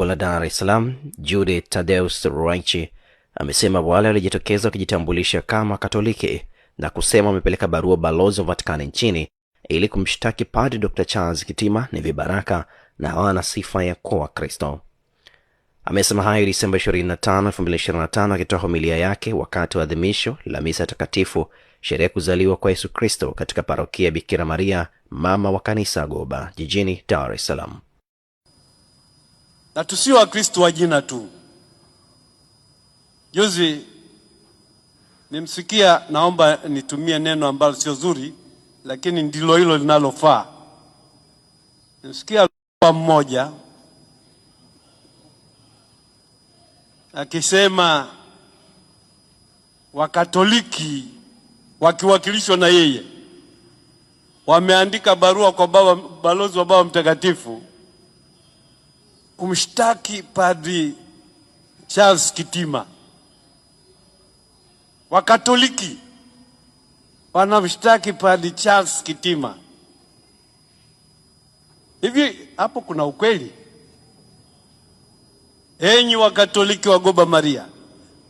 jimbo la Dar es Salaam, Jude Tadeus Ruwaichi amesema wale walijitokeza wakijitambulisha kama Katoliki na kusema wamepeleka barua balozi wa Vatikani nchini ili kumshtaki Padri Dr. Charles Kitima ni vibaraka na hawana sifa ya kuwa Kristo. Amesema hayo Disemba 25, 2025 akitoa homilia yake wakati wa adhimisho la misa takatifu, sherehe kuzaliwa kwa Yesu Kristo katika parokia Bikira Maria mama wa kanisa Goba jijini Dar es Salaam na tusio Wakristo wa jina tu. Juzi nimsikia, naomba nitumie neno ambalo sio zuri, lakini ndilo hilo linalofaa. Nimsikia mmoja akisema Wakatoliki wakiwakilishwa na yeye wameandika barua kwa baba, balozi wa Baba Mtakatifu kumshtaki Padri Charles Kitima. Wakatoliki wanamshtaki Padri Charles Kitima. Hivi hapo kuna ukweli? Enyi Wakatoliki wa Goba Maria,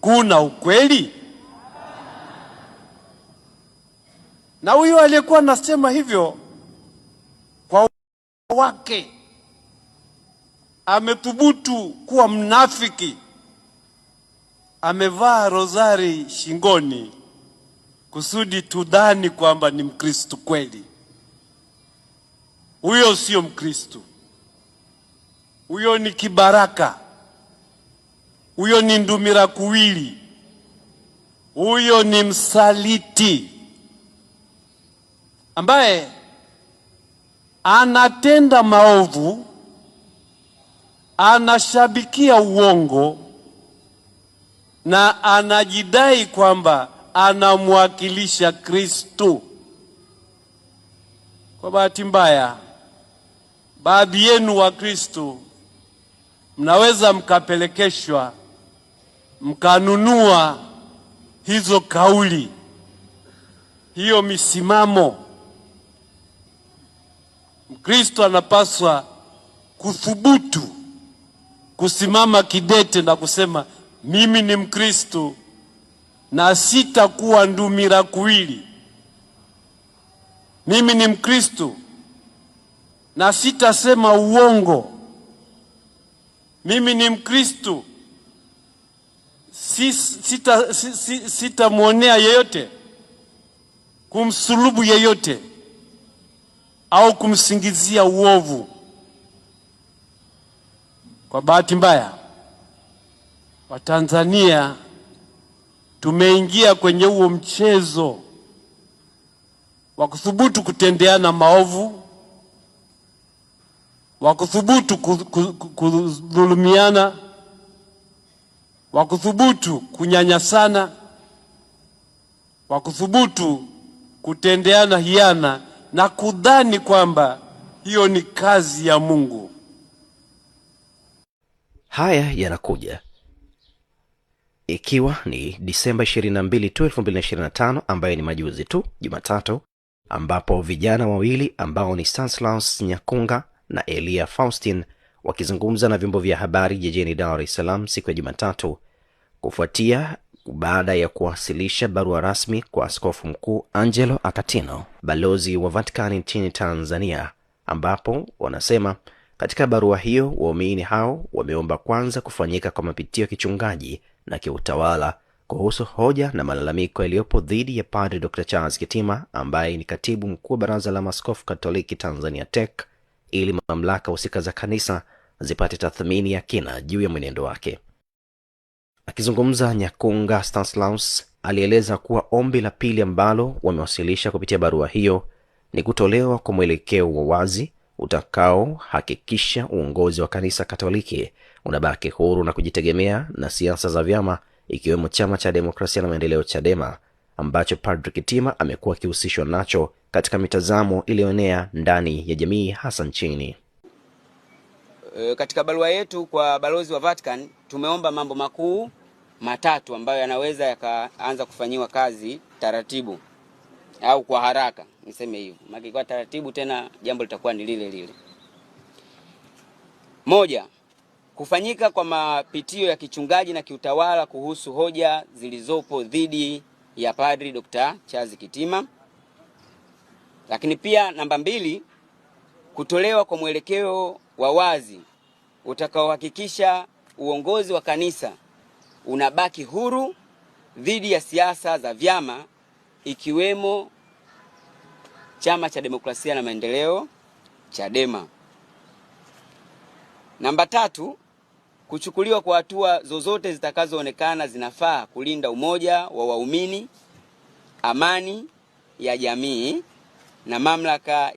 kuna ukweli? Na huyo aliyekuwa anasema hivyo kwa wake amethubutu kuwa mnafiki, amevaa rozari shingoni kusudi tudhani kwamba ni Mkristo kweli. Huyo sio Mkristo, huyo ni kibaraka, huyo ni ndumira kuwili, huyo ni msaliti ambaye anatenda maovu anashabikia uongo na anajidai kwamba anamwakilisha Kristo. Kwa bahati mbaya, baadhi yenu wa Kristo mnaweza mkapelekeshwa mkanunua hizo kauli, hiyo misimamo. Mkristo anapaswa kuthubutu kusimama kidete na kusema mimi ni Mkristo na sitakuwa ndumira kuwili. Mimi ni Mkristo na sitasema uongo. Mimi ni Mkristo sitamwonea sita, sita yeyote kumsulubu yeyote au kumsingizia uovu. Kwa bahati mbaya, Watanzania tumeingia kwenye huo mchezo wa kuthubutu kutendeana maovu, wa kuthubutu kudhulumiana, wa kuthubutu kunyanyasana, wa kuthubutu kutendeana hiana na kudhani kwamba hiyo ni kazi ya Mungu haya yanakuja ikiwa ni disemba 22 tu 2025 ambayo ni majuzi tu jumatatu ambapo vijana wawili ambao ni stanislaus nyakunga na elia faustin wakizungumza na vyombo vya habari jijini dar es salaam siku ya jumatatu kufuatia baada ya kuwasilisha barua rasmi kwa askofu mkuu angelo akatino balozi wa vatikani nchini tanzania ambapo wanasema katika barua hiyo, waumini hao wameomba kwanza kufanyika kwa mapitio ya kichungaji na kiutawala kuhusu hoja na malalamiko yaliyopo dhidi ya padre Dr Charles Kitima ambaye ni katibu mkuu wa Baraza la maskofu Katoliki Tanzania TEC ili mamlaka husika za kanisa zipate tathmini ya kina juu ya mwenendo wake. Akizungumza Nyakunga stanslaus alieleza kuwa ombi la pili ambalo wamewasilisha kupitia barua hiyo ni kutolewa kwa mwelekeo wa wazi utakaohakikisha uongozi wa kanisa katoliki unabaki huru na kujitegemea na siasa za vyama ikiwemo chama cha demokrasia na maendeleo chadema ambacho padri kitima amekuwa akihusishwa nacho katika mitazamo iliyoenea ndani ya jamii hasa nchini e, katika barua yetu kwa balozi wa Vatican tumeomba mambo makuu matatu ambayo yanaweza yakaanza kufanyiwa kazi taratibu au kwa haraka niseme hivyo, maana kwa taratibu tena jambo litakuwa ni lile lile. Moja, kufanyika kwa mapitio ya kichungaji na kiutawala kuhusu hoja zilizopo dhidi ya Padri Dr. Charles Kitima. Lakini pia namba mbili, kutolewa kwa mwelekeo wa wazi utakaohakikisha uongozi wa kanisa unabaki huru dhidi ya siasa za vyama ikiwemo Chama cha Demokrasia na Maendeleo, Chadema. Namba tatu, kuchukuliwa kwa hatua zozote zitakazoonekana zinafaa kulinda umoja wa waumini, amani ya jamii na mamlaka